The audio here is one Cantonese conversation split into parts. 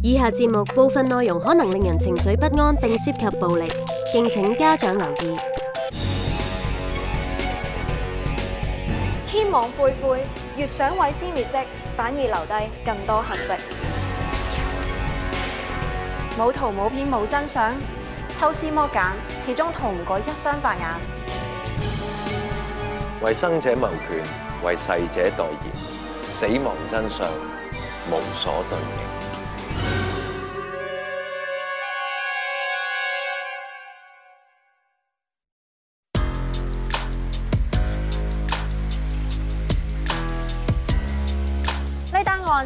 以下節目部分內容可能令人情緒不安，並涉及暴力，敬請家長留意。天網恢恢，越想毀屍滅跡，反而留低更多痕跡。冇圖冇片冇真相，抽絲剝繭，始終逃唔過一雙白眼。為生者謀權，為逝者代言，死亡真相無所遁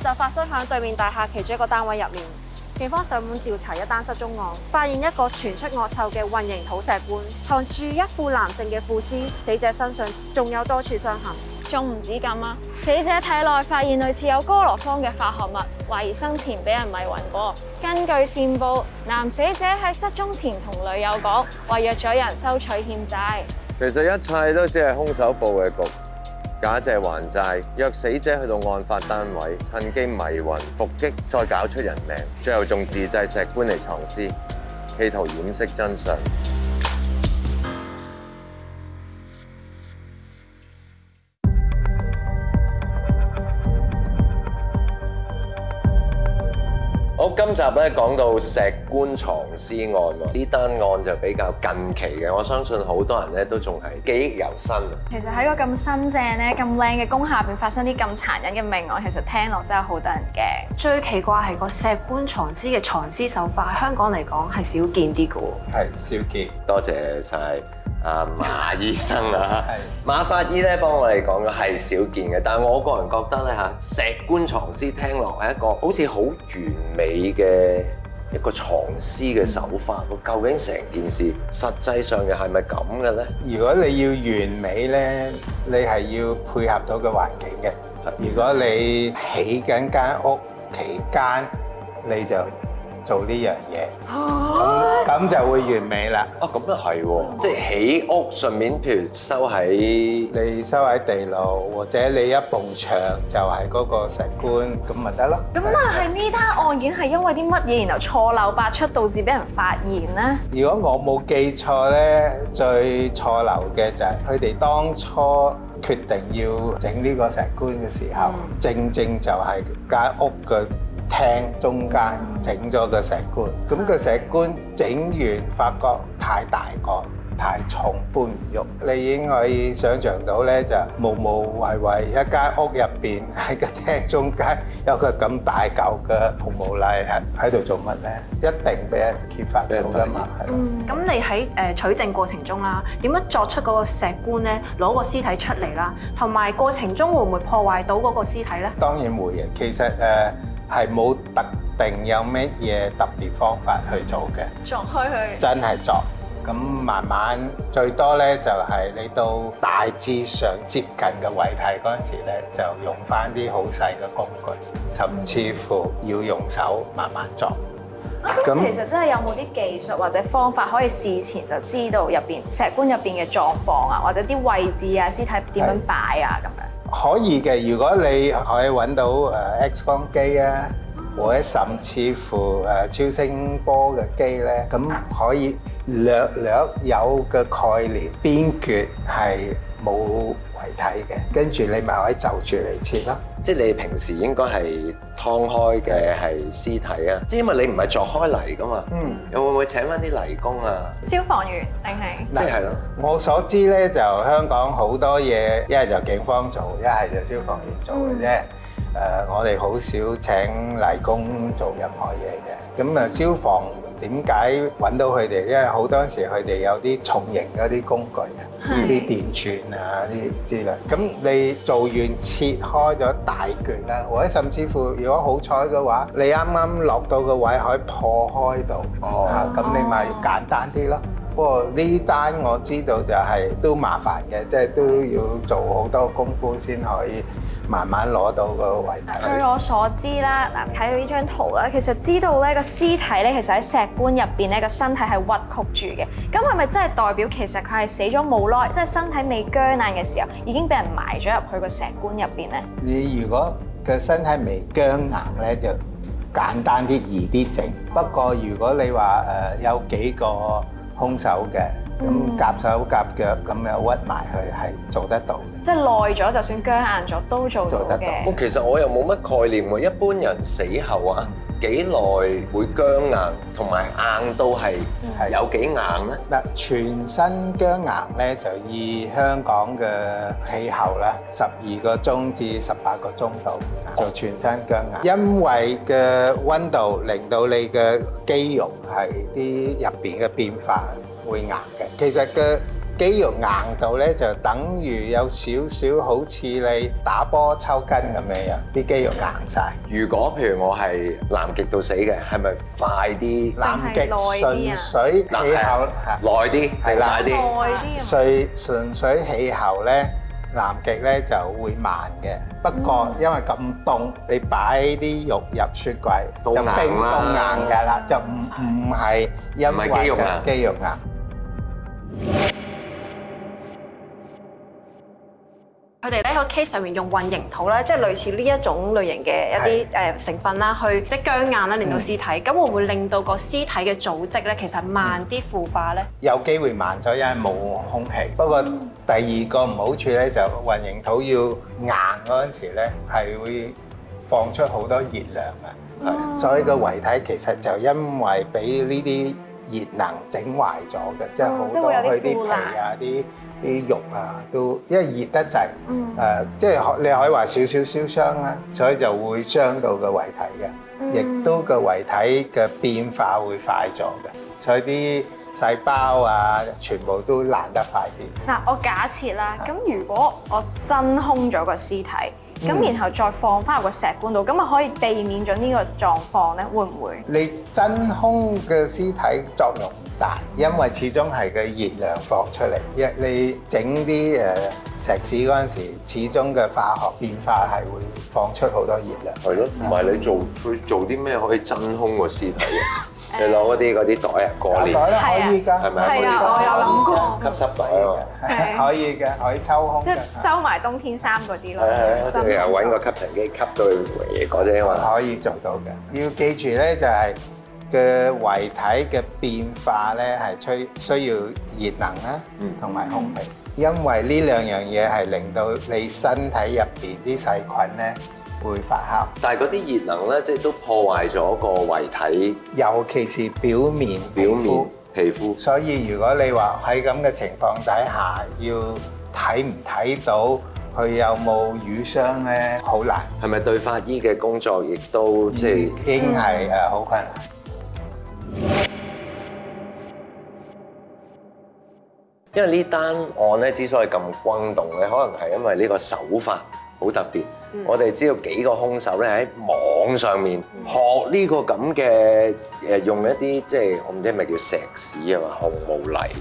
就發生喺對面大廈其中一個單位入面，警方上門調查一單失蹤案，發現一個傳出惡臭嘅混凝土石棺，藏住一副男性嘅腐屍，死者身上仲有多處傷痕。仲唔止咁啊，死者體內發現類似有哥羅芳嘅化學物，懷疑生前俾人迷暈過。根據線報，男死者喺失蹤前同女友講話約咗人收取欠債，其實一切都只係兇手佈嘅局。假借還債，約死者去到案發單位，趁機迷魂伏擊，再搞出人命，最後仲自製石棺嚟藏屍，企圖掩飾真相。好，今集咧講到石棺藏屍案喎，呢單案就比較近期嘅， 我相信好多人咧都仲係記憶猶新。其實喺個咁新淨咧、咁靚嘅工廈入邊發生啲咁殘忍嘅命案，其實聽落真係好得人驚。嗯、最奇怪係個石棺藏屍嘅藏屍手法，香港嚟講係少見啲㗎喎。係少見，多謝晒。啊，馬醫生啊，馬法醫咧幫我哋講嘅係少見嘅，但係我個人覺得咧嚇石棺藏屍聽落係一個好似好完美嘅一個藏屍嘅手法，佢究竟成件事實際上係咪咁嘅咧？如果你要完美咧，你係要配合到個環境嘅。如果你起緊間屋期間，你就做呢樣嘢。咁就會完美啦！啊，咁都係喎，即係起屋順便，譬如收喺你收喺地牢，或者你一埲牆就係嗰個石棺，咁咪得咯。咁啊，係呢單案件係因為啲乜嘢，然後錯漏百出導致俾人發現咧？如果我冇記錯咧，最錯漏嘅就係佢哋當初決定要整呢個石棺嘅時候，正正就係間屋嘅。廳中間整咗個石棺，咁個石棺整完，發覺太大個，太重搬唔喐。你已經可以想像到咧，就無無為為一間屋入邊喺個廳中間有個咁大舊嘅紅毛泥喺喺度做乜咧？一定俾人揭發到㗎嘛。嗯，咁你喺誒取證過程中啦，點樣鑿開嗰個石棺咧？攞個屍體出嚟啦，同埋過程中會唔會破壞到嗰個屍體咧？當然會嘅，其實誒。係冇特定有乜嘢特別方法去做嘅，鑿去去，真係鑿。咁慢慢最多咧，就係你到大致上接近嘅位置嗰陣時咧，就用翻啲好細嘅工具，甚至乎要用手慢慢鑿。咁、嗯、那其實真係有冇啲技術或者方法可以事前就知道入邊石棺入邊嘅狀況啊，或者啲位置啊，屍體點樣擺啊咁樣？可以嘅，如果你可以揾到誒 X 光機啊，或者甚至乎誒超聲波嘅機咧，咁可以略略有個概念，邊橛係冇遺體嘅，跟住你咪可以就住嚟切咯。即係你平時應該係劏開嘅係屍體啊，即係因為你唔係鑿開嚟㗎嘛，嗯，又會唔會請返啲泥工啊？消防員定係是？即係咯，對了 我所知咧就香港好多嘢，一係就警方做，一係就消防員做嘅啫。誒，我哋好少請泥工做任何嘢嘅。咁啊，消防點解揾到佢哋？因為好多時佢哋有啲重型嗰啲工具啊，啲電鑽啊啲之類。咁你做完切開咗大鉸啦，或者甚至乎，如果好彩嘅話，你啱啱落到個位可以破開到，哦咁你咪簡單啲咯。不過呢單我知道就係都麻煩嘅，即係都要做好多功夫先可以。慢慢攞到個遺體。據我所知啦，嗱，睇到呢張圖咧，其實知道咧個屍體咧，其實喺石棺入邊咧個身體係屈曲住嘅。咁係咪真係代表其實佢係死咗冇耐，即係身體未僵硬嘅時候已經俾人埋咗入去個石棺入邊咧？你如果個身體未僵硬咧，就簡單啲、易啲整。不過如果你話誒有幾個兇手嘅。咁夾手夾腳咁又屈埋去係做得到嘅。即係耐咗，就算僵硬咗都做得到嘅。我其實我又冇乜概念喎。一般人死後啊，幾耐會僵硬，同埋硬到係有幾硬咧？嗱，全身僵硬咧，就以香港嘅氣候咧，十二個鐘至十八個鐘度就全身僵硬，因為嘅温度令到你嘅肌肉係啲入邊嘅變化。會硬嘅，其實個肌肉硬度咧就等於有少少好似你打波抽筋咁樣樣，啲肌肉硬曬。如果譬如我係南極到死嘅，係咪快啲？南極純水氣候耐啲定快啲？耐啲。純純水氣候咧，南極咧就會慢嘅。不過因為咁凍，你擺啲肉入雪櫃就冰凍硬㗎啦，就唔唔係因為嘅肌肉硬。佢哋喺個 case 上面用混凝土咧，即係類似呢一種類型嘅一啲誒成分啦，去即係僵硬啦，令到屍體，咁會唔會令到個屍體嘅組織咧，其實慢啲腐化咧？有機會慢咗，因為冇空氣。不過第二個唔好處咧，就混凝土要硬嗰陣時咧，係會放出好多熱量啊，所以個遺體其實就因為俾呢啲熱能整壞咗嘅，即係好多佢啲皮啊啲。啲肉啊，都因為熱得滯，誒、嗯呃，即係你可以話少少燒傷啦，嗯、所以就會傷到個遺體嘅，亦、嗯、都個遺體嘅變化會快咗嘅，所以啲細胞啊，全部都爛得快啲。嗱，我假設啦，咁是如果我真空咗個屍體，咁然後再放翻入個石棺度，咁咪可以避免咗呢個狀況咧？會唔會？你真空嘅屍體作用？但因為始終係個熱量放出嚟，一你整啲誒石屎嗰陣時，始終嘅化學變化係會放出好多熱量。係咯，唔係你做，佢做啲咩可以真空個屍體嘅？你攞嗰啲嗰啲袋啊，過年袋可以㗎，係咪啊？係啊，我有諗過吸濕袋，可以㗎，可以抽空，即係收埋冬天衫嗰啲咯。係係，我最近揾個吸塵機吸到啲嘢，講啫，因為可以做到㗎。要記住咧，就係。嘅遺體嘅變化咧，係需需要熱能啦，同埋空氣，因為呢兩樣嘢係令到你身體入邊啲細菌咧會發酵。但係嗰啲熱能咧，即係都破壞咗個遺體，尤其是表面皮膚。表面皮膚。所以如果你話喺咁嘅情況底下，要睇唔睇到佢有冇瘀傷咧，好難。係咪對法醫嘅工作亦都即係已經係誒好困難？因為呢單案咧之所以咁轟動咧，可能係因為呢個手法好特別。嗯、我哋知道幾個兇手咧喺網上面學呢個咁嘅誒，用一啲即係我唔知係咪叫石屎啊嘛，紅毛泥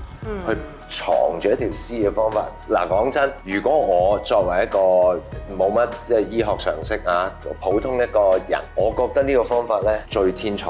去藏住一條屍嘅方法。嗱、啊，講真，如果我作為一個冇乜即係醫學常識啊，普通一個人，我覺得呢個方法咧最天才。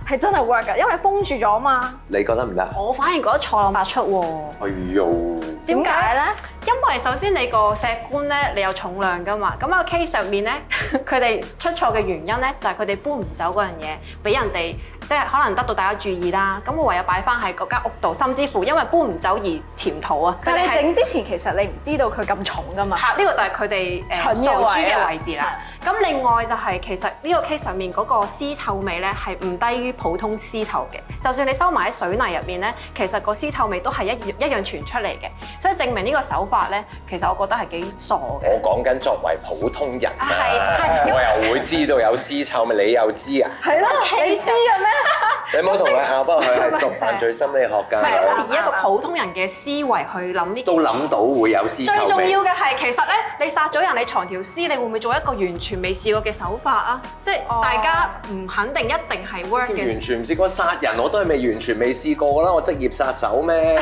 係真係 work 㗎，因為封住咗啊嘛。你覺得唔得？我反而覺得錯漏百出喎。哎呦！點解咧？因為首先你個石棺咧，你有重量㗎嘛。咁個 case 上面咧，佢哋出錯嘅原因咧，就係佢哋搬唔走嗰樣嘢，俾人哋即係可能得到大家注意啦。咁我唯有擺翻喺嗰間屋度，甚至乎因為搬唔走而潛逃啊。但你整之前其實你唔知道佢咁重㗎嘛？嚇！呢個就係佢哋蠢又嘅位置啦。咁另外就係其實呢個 case 上面嗰個屍臭味咧，係唔低於。普通屍臭嘅，就算你收埋喺水泥入面咧，其實個屍臭味都係一一樣傳出嚟嘅，所以證明呢個手法咧，其實我覺得係幾傻嘅。我講緊作為普通人，啊，我又會知道有屍臭咪？ 你又知啊？係咯了，其實 你知嘅咩？ 你冇同佢講，你不過佢係讀犯罪心理學㗎。唔係是，我他以一個普通人嘅思維去諗呢。都諗到會有事。最重要嘅係，麼其實咧，你殺咗人，你藏條屍，你會唔會做一個完全未試過嘅手法啊？即係大家唔肯定，一定係 work 嘅、哦。完全唔試過殺人，我都係未完全未試過啦。我職業殺手咩？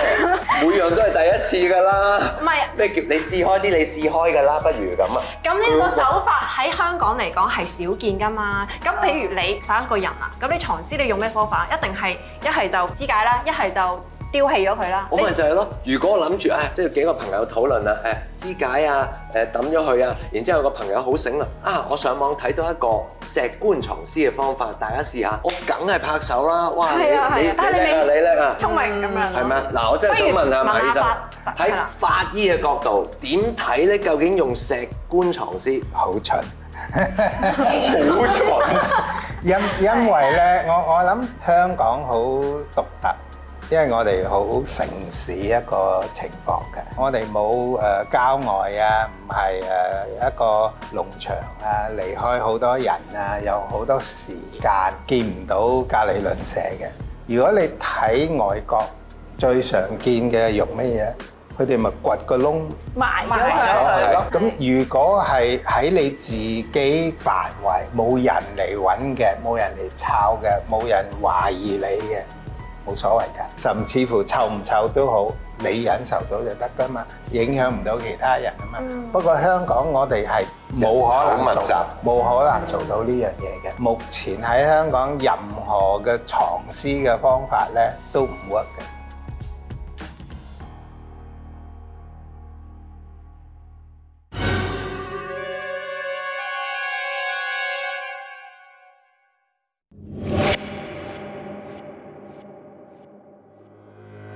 每樣都係第一次㗎啦。唔係，咩劫？你試開啲，你試開㗎啦，不如咁啊。咁呢個手法喺香港嚟講係少見㗎嘛？咁譬如你殺一個人啊，咁你藏屍，你用咩方法？ 一定係一係就肢解啦，一係就，就丟棄咗佢啦。咁咪就係、是、咯。如果我諗住啊，即係幾個朋友討論啦，誒、哎、肢解啊，誒抌咗佢啊，然之後個朋友好醒啦，啊我上網睇到一個石棺藏屍嘅方法，大家試下。我梗係拍手啦！哇，你你你叻啊，你你你聰明咁、嗯、樣。係咪啊？嗱，我真係想問，問，問下馬醫生，喺上發法醫嘅角度點睇咧？你究竟用石棺藏屍好蠢，好蠢。 因因為咧，我我諗香港好獨特，因為我哋好城市一個情況嘅，我哋冇誒郊外啊，唔係誒一個農場啊，離開好多人啊，有好多時間見唔到隔離鄰舍嘅。如果你睇外國最常見嘅用咩嘢？佢哋咪掘個窿埋咗佢，係咯。咁如果係喺你自己範圍，冇人嚟揾嘅，冇人嚟抄嘅，冇人懷疑你嘅，冇所謂㗎。甚至乎臭唔臭都好，你忍受到就得㗎嘛，影響唔到其他人啊嘛。不過香港我哋係冇可能做，冇可能做到呢樣嘢嘅。目前喺香港任何嘅藏屍嘅方法咧都唔 work 嘅。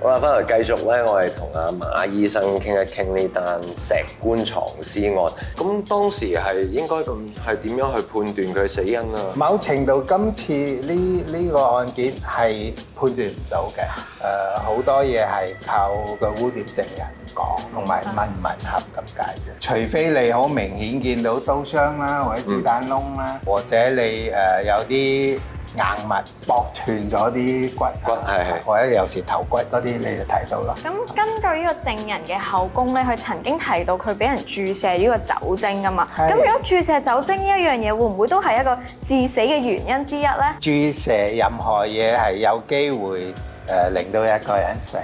好啦，翻嚟繼續咧，我哋同阿馬醫生傾一傾呢單石棺藏屍案。咁當時係應該係點樣去判斷佢死因啊？某程度，今次呢呢、這個案件係判斷唔到嘅。誒、呃，好多嘢係靠個污點證人講，同埋問唔問合咁解嘅。除非你好明顯見到刀傷啦，或者子彈窿啦，嗯、或者你誒、呃、有啲。硬物搏斷咗啲骨骨，係係的，或者有時頭骨嗰啲你就睇到啦。咁根據呢個證人嘅口供咧，佢曾經提到佢俾人注射呢個酒精㗎嘛。咁的如果注射酒精呢一樣嘢，會唔會都係一個致死嘅原因之一咧？注射任何嘢係有機會誒令到一個人死，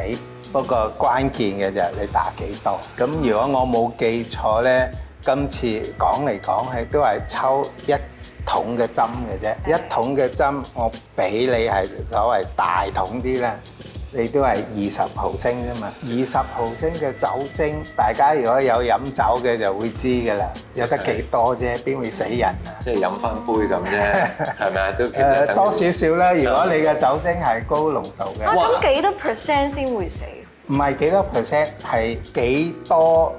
不過關鍵嘅就係你打幾多。咁如果我冇記錯咧。今次講嚟講去都係抽一桶嘅針嘅啫，一桶嘅針我俾你係所謂大桶啲啦，你都係二十毫升啫嘛。二十毫升嘅酒精，大家如果有飲酒嘅就會知噶啦，有得幾多啫，邊會死人啊？即係飲翻杯咁啫，係咪啊？都其實多少少啦。如果你嘅酒精係高濃度嘅，哇！幾多 percent 先會死？唔係幾多 percent，係幾多？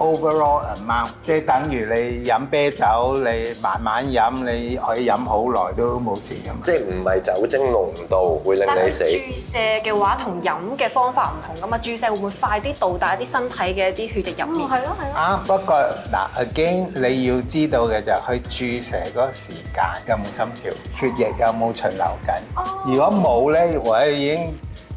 Overall amount，即係等於你飲啤酒，你慢慢飲，你可以飲好耐都冇事咁。即係唔係酒精濃度會令你死？注射嘅話同飲嘅方法唔同咁啊，注射會唔會快啲到達一啲身體嘅一啲血液入面？係咯係咯。啊不過嗱，again 你要知道嘅就係去注射嗰個時間有冇心跳，血液有冇循流緊。哦。如果冇咧，或者已經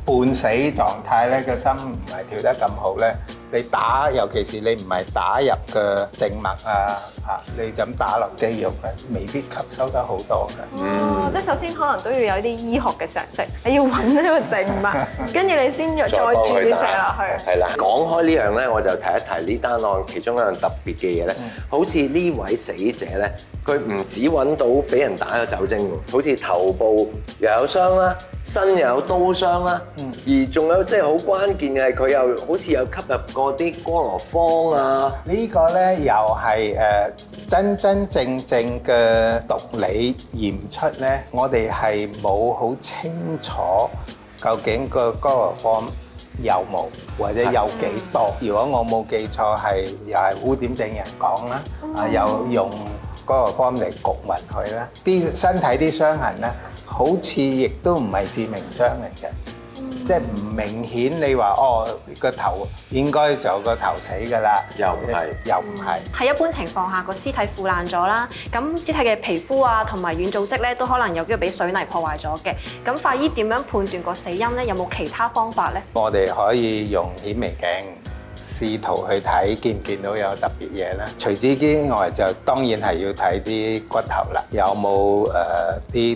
半死狀態咧，個心唔係跳得咁好咧。你打，尤其是你唔係打入嘅靜脈啊，嚇，你就打落肌肉咧，未必吸收得好多嘅。嗯，嗯即係首先可能都要有啲醫學嘅常識， 你要揾呢個靜脈，跟住你先再注射落去。係啦，講開呢樣咧，我就提一提呢單案其中一樣特別嘅嘢咧。嗯、好似呢位死者咧，佢唔止揾到俾人打咗酒精喎，好似頭部又有傷啦，身又有刀傷啦，嗯、而仲有即係好關鍵嘅係佢又好似有吸入嗰啲哥羅芳啊，個呢個咧又係誒真真正正嘅毒理驗出咧，嗯、我哋係冇好清楚究竟個哥羅芳有冇或者有幾多？嗯、如果我冇記錯係又係污點證人講啦，啊有、嗯、用哥羅芳嚟焗暈佢啦，啲身體啲傷痕咧好似亦都唔係致命傷嚟嘅。即係唔明顯，你話哦個頭應該就個頭死㗎啦，又唔係又唔係？喺一般情況下個屍體腐爛咗啦，咁屍體嘅皮膚啊同埋軟組織咧都可能有機會被水泥破壞咗嘅。咁法醫點樣判斷個死因咧？有冇其他方法咧？我哋可以用顯微鏡。試圖去睇見唔見到有特別嘢咧，除此之外就當然係要睇啲骨頭啦，有冇誒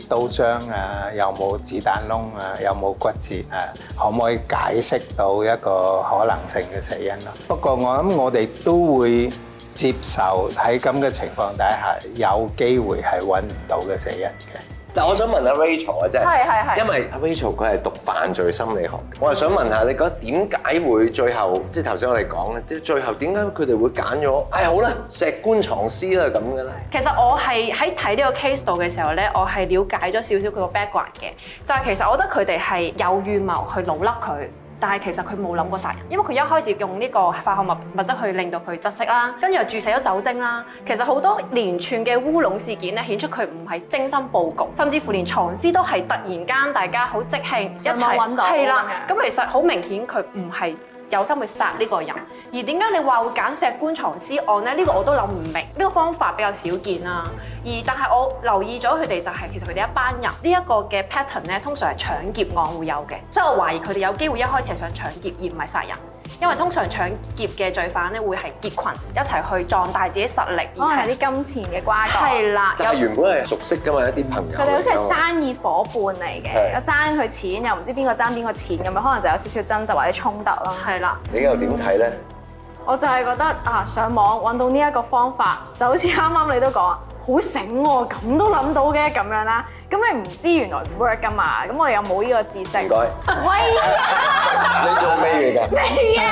啲刀傷啊，有冇子彈窿啊，有冇骨折啊，可唔可以解釋到一個可能性嘅死因咯、啊？不過我諗我哋都會接受喺咁嘅情況底下，有機會係揾唔到嘅死因嘅。但我想問阿 Rachel 啊，即係，因為阿 Rachel 佢係讀，讀犯罪心理學，是我又想問下你覺得點解會最後，即係頭先我哋講咧，即係最後點解佢哋會揀咗，唉是、哎、好啦，石棺藏屍啦咁嘅咧。是其實我係喺睇呢個 case 度嘅時候咧，我係了解咗少少佢個 background 嘅，就係、是、其實我覺得佢哋係有預謀去老笠佢。但係其實佢冇諗過殺人，因為佢一開始用呢個化學物物質去令到佢窒息啦，跟住又注射咗酒精啦。其實好多連串嘅烏龍事件咧，顯出佢唔係精心佈局，甚至乎連藏屍都係突然間，大家好即興一齊，搵到係啦。咁對對 其實好明顯佢唔係。有心去殺呢個人，而點解你話會揀石棺藏屍案咧？呢個我都諗唔明，呢個方法比較少見啦。而但係我留意咗佢哋就係，其實佢哋一班人呢一個嘅 pattern 咧，通常係搶劫案會有嘅，所以我懷疑佢哋有機會一開始係想搶劫而唔係殺人。因為通常搶劫嘅罪犯咧會係結群，一齊去壯大自己實力，都係啲金錢嘅瓜葛。係啦了，原本係熟悉噶嘛，一啲朋友。佢哋好似係生意伙伴嚟嘅，又爭佢錢，又唔知邊個爭邊個錢咁樣，可能就有少少爭執或者衝突咯。係啦。你又點睇咧？我就係覺得啊，上網揾到呢一個方法，就好似啱啱你都講。好醒喎，咁都諗到嘅咁樣啦。咁你唔知原來唔 work 噶嘛？咁我哋又冇呢個知識。唔該。喂啊！你做咩？嘢噶咩？你啊！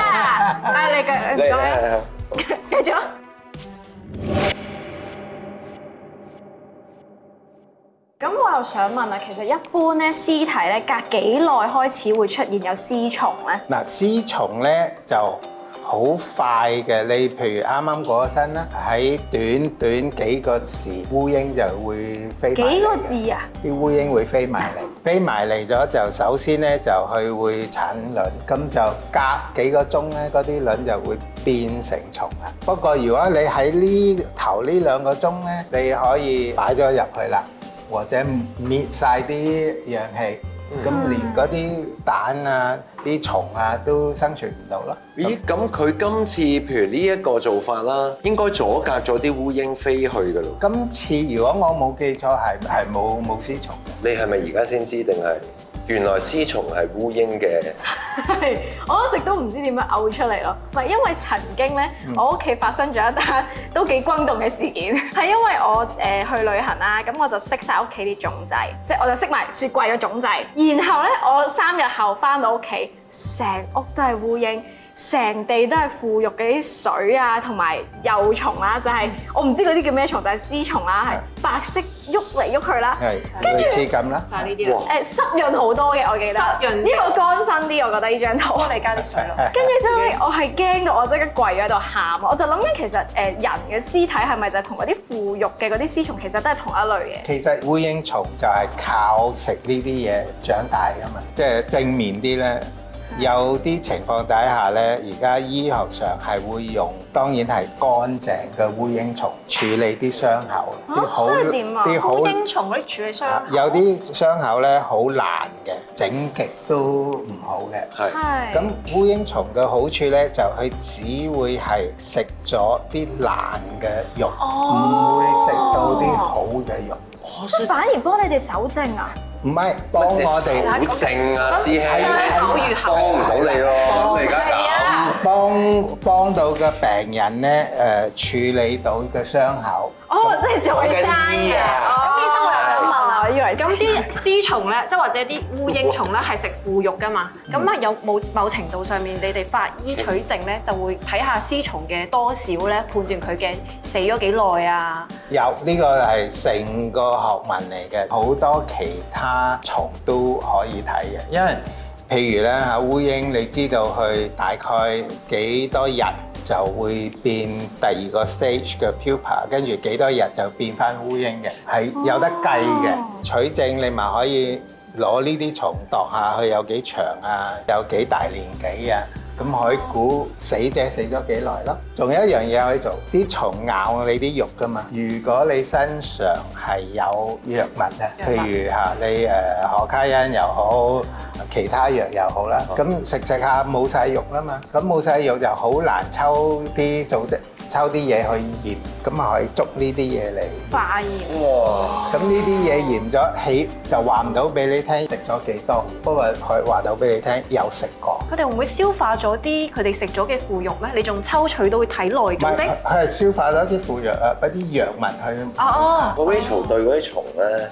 啊你嘅唔該 繼續。咁好我又想問啊，其實一般咧屍體咧隔幾耐開始會出現有屍蟲咧？嗱、啊，屍蟲咧就。好快嘅，你譬如啱啱過身啦，喺短短幾個字，烏蠅就會飛。幾個字啊？啲烏蠅會飛埋嚟，沒飛埋嚟咗，就首先咧就佢會產卵，咁就隔幾個鐘咧嗰啲卵就會變成蟲啦。不過如果你喺呢頭呢兩個鐘咧，你可以擺咗入去啦，或者滅晒啲氧氣。咁、嗯、連嗰啲蛋啊、啲蟲啊都生存唔到啦。咦？咁佢今次譬如呢一個做法啦，應該阻隔咗啲烏蠅飛去噶咯。今次如果我冇記錯，係係冇冇屍蟲。你係咪而家先知定係？原來屍蟲係烏蠅嘅， 我一直都唔知點樣嘔出嚟咯。係因為曾經咧，我屋企發生咗一單都幾轟動嘅事件，係因為我誒去旅行啦，咁我就熄晒屋企啲總掣，即係我就熄埋雪櫃嘅總掣。然後咧，我三日後返到屋企，成屋都係烏蠅。成地都係腐肉嘅啲水啊，同埋幼蟲啦、啊，就係、是、我唔知嗰啲叫咩蟲，就係、是、屍蟲啦、啊，係是白色喐嚟喐去啦，係是著類似咁啦，就係呢啲啦。誒哇、欸、濕潤好多嘅，我記得。濕潤呢個乾身啲，我覺得呢張圖。我哋加啲水落。跟住之後咧，我係驚到我即刻跪喺度喊，我就諗緊其實誒人嘅屍體係咪就係同嗰啲腐肉嘅嗰啲屍蟲其實都係同一類嘅？其實烏蠅蟲就係靠食呢啲嘢長大噶嘛，即、就、係、是、正面啲咧。有啲情況底下咧，而家醫學上係會用，當然係乾淨嘅烏蠅蟲處理啲傷口，啲好啲好。烏蠅蟲嗰啲處理傷口。有啲傷口咧好爛嘅，整極都唔好嘅。係是。咁烏蠅蟲嘅好處咧，就佢只會係食咗啲爛嘅肉，唔、哦、會食到啲好嘅肉。即、哦、反而幫你哋手正啊！唔係幫我哋好靜啊，師兄，啊、對幫唔到你咯。我而家咁，幫幫到個病人咧，誒處理到嘅傷口。哦，都哦，即係做醫生啊！咁啲屍蟲咧，即係 或者啲烏蠅蟲咧，係食腐肉㗎嘛？咁啊，有冇某程度上面，你哋法醫取證咧，就會睇下屍蟲嘅多少咧，判斷佢嘅死咗幾耐啊？有，呢個係成個學問嚟嘅，好多其他蟲都可以睇嘅，因為譬如咧嚇烏蠅，你知道佢大概幾多日？就會變第二個 stage 嘅 pupa，跟住幾多日就變翻烏蠅嘅，係有得計嘅。哦、取證你咪可以攞呢啲蟲度下佢有幾長啊，有幾大年紀啊，咁可以估死者死咗幾耐咯。仲、哦、有一樣嘢可以做，啲蟲咬你啲肉㗎嘛。如果你身上係有藥物嘅，物譬如吓你誒何卡因又好。嗯其他藥又好啦，咁食食下冇晒肉啦嘛，咁冇晒肉就好難抽啲組織抽啲嘢去驗，咁咪可以捉呢啲嘢嚟化驗。炎哇！咁呢啲嘢驗咗起就話唔到俾你聽食咗幾多，不過可以話到俾你聽有食過。佢哋會唔會消化咗啲佢哋食咗嘅腐肉咧？你仲抽取到佢體內嘅？唔係，係消化咗啲腐藥啊，一啲藥物佢。哦哦。啊啊、個微草對嗰啲蟲咧。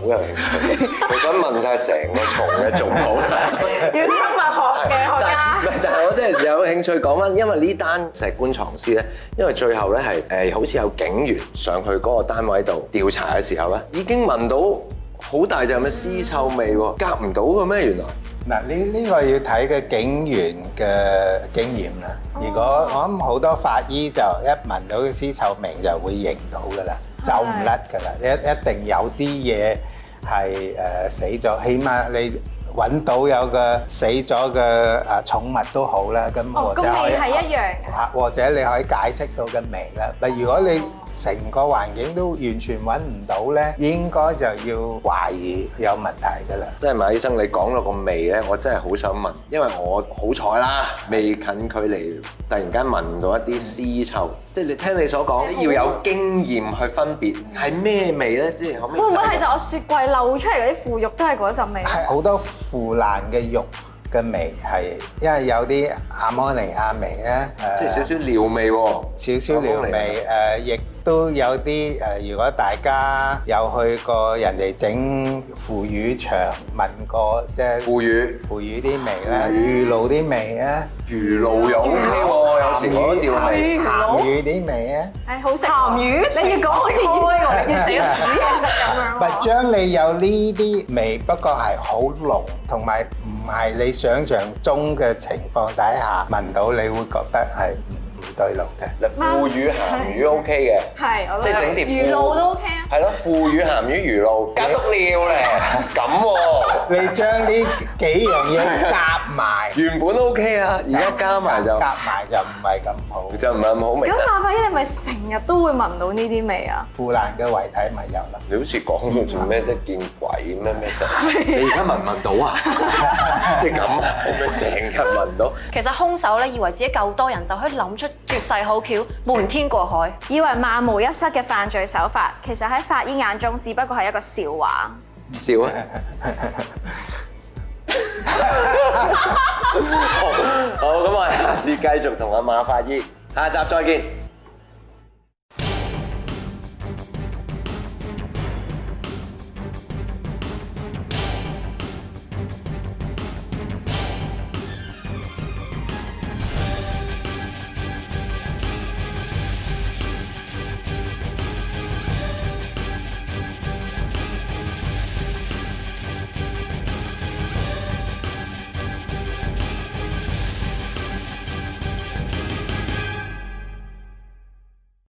好有興趣，我想 問晒成個蟲嘅種類， 要生物學嘅學家 但。但係我真係有興趣講翻，因為呢單石棺藏屍咧，因為最後咧係誒，好似有警員上去嗰個單位度調查嘅時候咧，已經聞到好大隻嘅屍臭味喎，隔唔到嘅咩原來？嗱，呢呢個要睇嘅警員嘅經驗啦。如果我諗好多法醫就一聞到啲屍臭味就會認到噶啦，走唔的甩噶啦，一一定有啲嘢係誒死咗，起碼你。揾到有個死咗嘅誒寵物都好啦，咁味係一樣吓，或者你可以解釋到嘅味啦。例如如果你成個環境都完全揾唔到咧，應該就要懷疑有問題噶啦。即係馬醫生，你講到個味咧，我真係好想問，因為我好彩啦，未近距離突然間聞到一啲屍臭。即係你聽你所講，要有經驗去分別係咩味咧？即係可會唔會係就我雪櫃漏出嚟嗰啲腐肉都係嗰陣味？係好多。腐爛嘅肉嘅味係，因為有啲阿摩尼亞味咧，誒、啊，即係少少尿味，少少尿味誒，亦。啊都有啲誒，如果大家有去過人哋整腐乳場，聞過即係腐乳，腐乳啲味咧，魚露啲味咧，魚露有㗎喎，有少少調味，鹹魚啲味咧，誒好食鹹魚，你要講開我哋自己其實咁樣，將你有呢啲味，不過係好濃，同埋唔係你想像中嘅情況底下聞到，你會覺得係。對流嘅，腐乳鹹魚 OK 嘅，係即係整碟魚露都 OK 啊，係咯，腐乳鹹魚魚露，加督料咧，咁喎，你將呢幾樣嘢夾埋，原本 OK 啊，而家加埋就夾埋就唔係咁好，就唔係咁好味。咁阿伯，你咪成日都會聞到呢啲味啊？腐爛嘅遺體咪有啦，你好似講做咩即係見鬼咩咩神？你而家聞唔聞到啊？即係咁啊？係咪成日聞到？其實兇手咧以為自己夠多人就可以諗出。絕世好橋，瞞天過海，以為萬無一失嘅犯罪手法，其實喺法醫眼中只不過係一個笑話。笑啊！好，咁我哋下次繼續同阿馬法醫，下集再見。